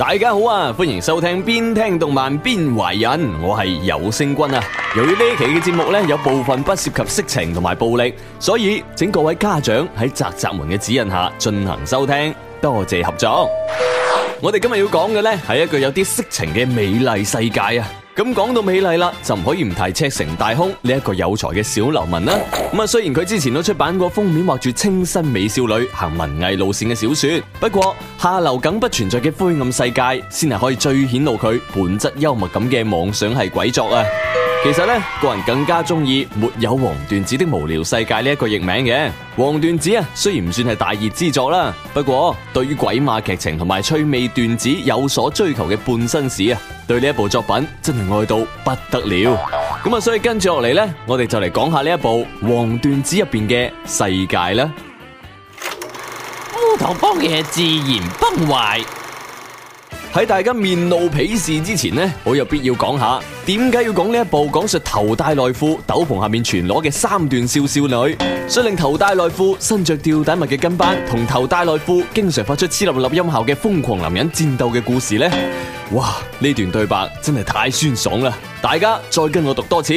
大家好啊，歡迎收聽邊聽動漫邊懷孕，我係有聲君啊。由於呢期嘅節目呢，有部分不涉及色情同埋暴力，所以請各位家長喺閘閘門嘅指引下進行收聽，多謝合作。我哋今日要講嘅呢，係一個有啲色情嘅美麗世界啊。咁講到美麗啦，就唔可以唔提赤城大空呢一個有才嘅小流民啦。咁啊，雖然佢之前都出版過封面畫住清新美少女行文藝路線嘅小說，不過下流梗不存在嘅灰暗世界，先係可以最顯露佢本質幽默感嘅妄想系鬼作啊！其實呢，個人更加中意沒有黃段子的無聊世界呢一個譯名嘅黃段子啊，雖然唔算係大熱之作啦，不過對於鬼馬劇情同埋趣味段子有所追求嘅半身史啊，對呢一部作品真係愛到不得了。咁啊，所以跟住落嚟呢，我哋就嚟講下呢一部黃段子入邊嘅世界啦。烏托邦嘅自然崩壞。喺大家面露鄙視之前呢，我有必要講下點解要講呢一部講述頭戴內褲、斗篷下面全裸嘅三段笑少女，率領頭戴內褲、身着吊帶襪嘅跟班，同頭戴內褲、經常發出黐立立音效嘅瘋狂男人戰鬥嘅故事呢？哇！呢段對白真係太酸爽啦！大家再跟我讀多次。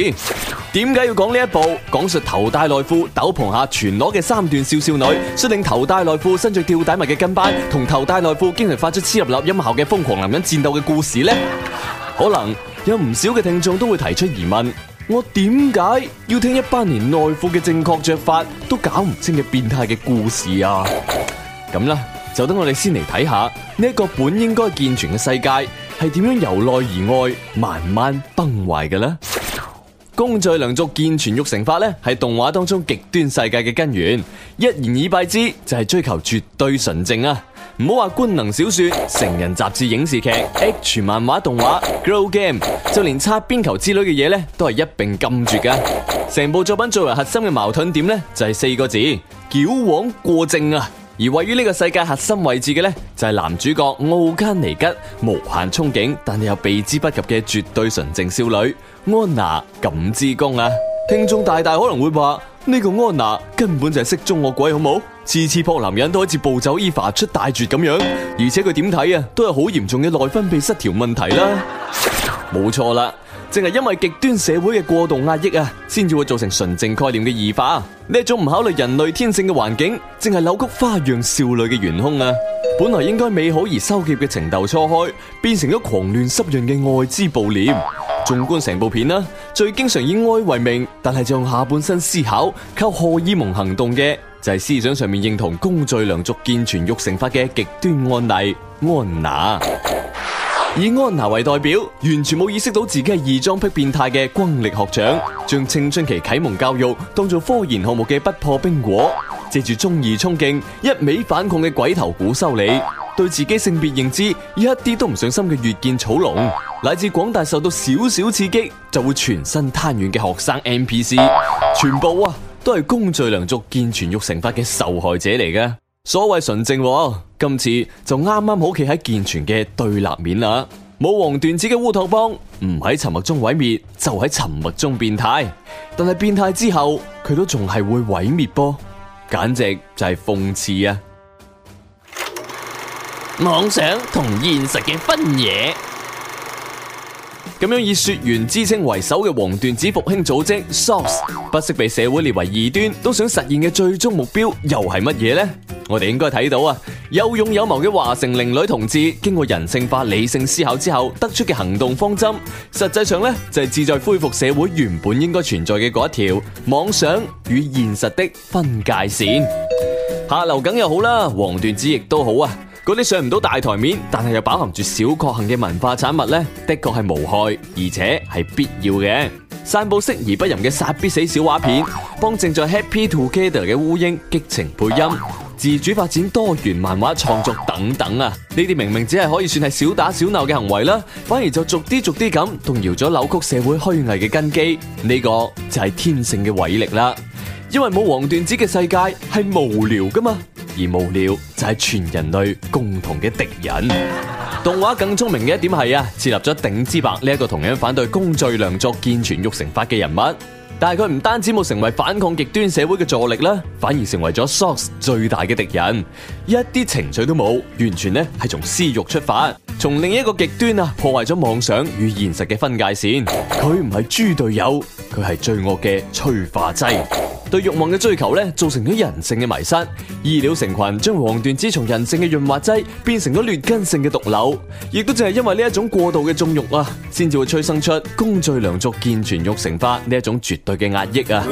點解要講呢一部講述頭戴內褲、斗篷下全裸嘅三段少少女，率領頭戴內褲、身着吊帶襪嘅跟班，同頭戴內褲、經常發出黐入入音效嘅瘋狂男人戰鬥嘅故事呢？可能有唔少嘅聽眾都會提出疑問：我點解要聽一班連內褲嘅正確着法都搞唔清嘅變態嘅故事啊？咁啦。就等我哋先嚟睇下呢一個本應該健全嘅世界係點樣由內而外慢慢崩壞嘅呢？ 公序良俗、健全育成法咧，係動畫當中極端世界嘅根源。一言以蔽之，就係追求絕對純正啊！唔好話官能小說、成人雜誌、影視劇、H 漫畫、動畫、Grow Game，就連擦邊球之類嘅嘢咧，都係一併禁絕噶。成部作品最為核心嘅矛盾點咧，就係四個字：矯枉過正啊！而位於呢個世界核心位置嘅呢，就係、是、男主角奧卡尼吉，無限憧憬，但又避之不及嘅絕對純正少女安娜，咁之功啊！聽眾大大可能會話，呢、這個安娜根本就係色中惡鬼，好冇次次撲男人都好似暴走 EVA 出大絕咁樣，而且佢點睇啊，都係好嚴重嘅內分泌失調問題啦，冇錯啦。淨係因為極端社會嘅過度壓抑啊，先至會造成純正概念嘅異化。呢一種唔考慮人類天性嘅環境，淨係扭曲花樣少女嘅元兇。啊。本來應該美好而羞澀嘅情竇初開，變成咗狂亂濕潤嘅愛之暴念。縱觀成部片啦，啊，最經常以愛為名，但係就用下半身思考、靠荷爾蒙行動嘅，就係、是、思想上面認同公序良俗、健全育成法嘅極端案例安娜。以安娜為代表，完全冇意識到自己係異裝癖變態嘅軍力學長，將青春期啟蒙教育當做科研項目嘅不破冰果，借住中二衝勁一味反抗嘅鬼頭鼓修理，對自己性別認知一啲都唔上心嘅越見草龍，乃至廣大受到少少刺激就會全身癱軟嘅學生 NPC，全部啊都係公序良俗健全育成法嘅受害者嚟㗎。所謂純正，今次就啱啱好企喺健全嘅對立面啦。冇黃段子嘅烏托邦，唔喺沉默中毀滅，就喺沉默中變態。但係變態之後，佢都仲係會毀滅噃，簡直就係諷刺啊！妄想同現實嘅分野，咁樣以雪原之青為首嘅黃段子復興組織 Source，不惜被社會列為異端，都想實現嘅最終目標又係乜嘢呢？我哋應該睇到啊，有勇有謀嘅華城靈女同志經過人性化、理性思考之後，得出嘅行動方針，實際上咧就係、是、志在恢復社會原本應該存在嘅嗰一條妄想與現實的分界線。下流梗又好啦，黃段子亦都好啊。嗰啲上唔到大台面，但係又飽含住小確幸嘅文化產物咧，的確係無害，而且係必要嘅。散布色而不淫嘅殺必死小畫片，幫正在 Happy Together 嘅烏蠅激情配音。自主發展多元漫畫創作等等啊，呢啲明明只係可以算係小打小鬧嘅行為啦，反而就逐啲逐啲咁動搖咗扭曲社會虛偽嘅根基，呢、呢個就係天性嘅偉力啦。因為冇黃段子嘅世界係無聊噶嘛，而無聊就係全人類共同嘅敵人。動畫更聰明嘅一點係啊，設立咗頂之白呢一個同樣反對公序良俗、健全育成法嘅人物，但係佢唔單止冇成為反抗極端社會嘅助力啦，反而成為咗 SOX 最大嘅敵人，一啲情緒都冇，完全呢係從私欲出發，從另一個極端啊破壞咗妄想與現實嘅分界線，佢唔係豬隊友，佢係罪惡嘅催化劑。對慾望嘅追求咧，造成咗人性嘅迷失，異料成群，將黃段子從人性嘅潤滑劑變成咗劣根性嘅毒瘤，亦都正係因為呢一種過度嘅縱慾啊，先至會催生出公序良俗健全育成化呢一種絕對嘅壓抑啊。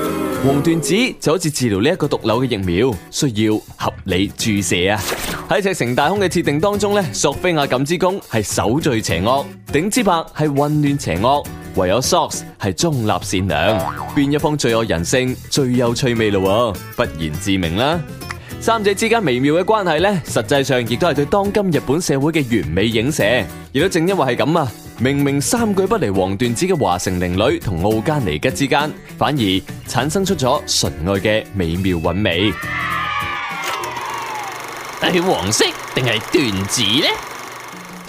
黃段子就好似治療呢一個毒瘤嘅疫苗，需要合理注射啊。喺《赤城大空》嘅設定當中咧，索菲亞錦之宮係守序邪惡，頂之白係混亂邪惡。唯有 SOX 係中立善良，邊一方最有人性、最有趣味咯，不言自明啦。三者之間微妙嘅關係呢，實際上亦都係對當今日本社會嘅完美映射。亦都正因為係咁啊，明明三句不離黃段子嘅華城靈女同奧加尼吉之間，反而產生出咗純愛嘅美妙韻味。係黃色定係段子呢？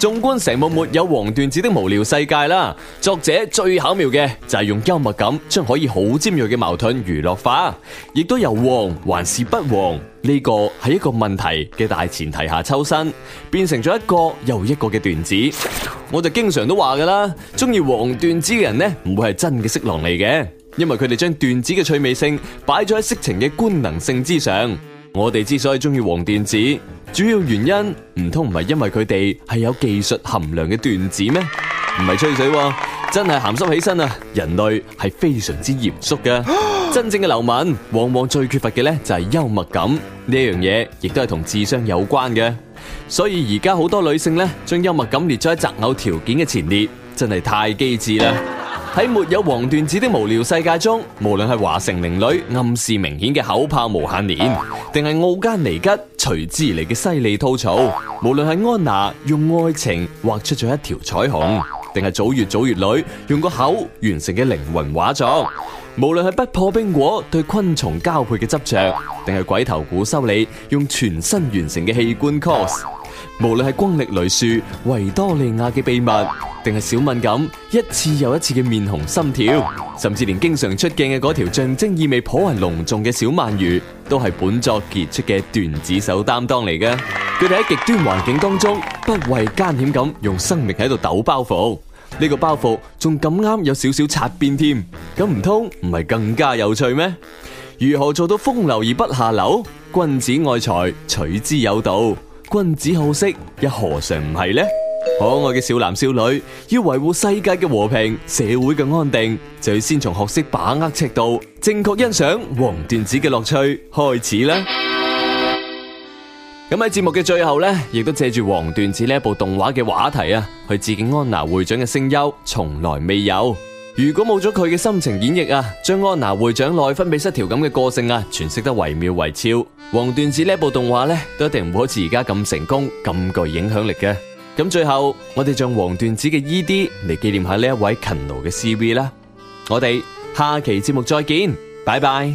縱觀成部沒有黃段子的無聊世界啦，作者最巧妙嘅就係用幽默感將可以好尖銳嘅矛盾娛樂化，亦都由黃還是不黃呢個係一個問題嘅大前提下抽身，變成咗一個又一個嘅段子。我就經常都話噶啦，中意黃段子嘅人呢，唔會係真嘅色狼嚟嘅，因為佢哋將段子嘅趣味性擺咗喺色情嘅官能性之上。我哋之所以中意黃段子。主要原因唔通唔係因為佢哋係有技術含量嘅段子咩？唔係吹水，真係鹹濕起身啊！人類係非常之嚴肅嘅， 真正嘅流氓往往最缺乏嘅咧就係幽默感，呢樣嘢亦都係同智商有關嘅。所以而家好多女性咧將幽默感列咗喺擇偶條件嘅前列，真係太機智啦！喺沒有黃段子的無聊世界中，無論係華城玲女暗示明顯嘅口炮無限年，定係奧加尼吉隨之而嚟嘅犀利吐槽；無論係安娜用愛情畫出咗一條彩虹，定係祖月祖月女用個口完成嘅靈魂畫作。無論係不破冰果對昆蟲交配嘅執着，定係鬼頭鼓修理用全身完成嘅器官 cos；無論係光力雷樹維多利亞嘅秘密，定係小敏感、一次又一次嘅面紅心跳，甚至連經常出鏡嘅嗰條象徵意味頗為隆重嘅小鰻魚，都係本作傑出嘅段子手擔當嚟嘅。佢哋喺極端環境當中，不畏艱險咁用生命喺度抖包袱。呢個包袱仲咁啱有少少擦邊添，咁唔通唔係更加有趣咩？如何做到風流而不下流？君子愛財，取之有道。君子好色，又何嘗唔係呢？可愛嘅少男少女要維護世界嘅和平、社會嘅安定，就要先從學識把握尺度、正確欣賞黃段子嘅樂趣開始啦。咁喺節目嘅最後咧，亦都借住《黃段子》呢一部動畫嘅話題啊，去致敬安娜會長嘅聲優，從來未有。如果冇咗佢嘅深情演繹啊，將安娜會長內分泌失調咁嘅個性啊，詮釋得惟妙惟肖，《黃段子》呢一部動畫咧，都一定唔會好似而家咁成功、咁具影響力嘅。咁最後，我哋將黃段子嘅 ED 嚟紀念下呢一位勤勞嘅 CV 啦。我哋下期節目再見，拜拜。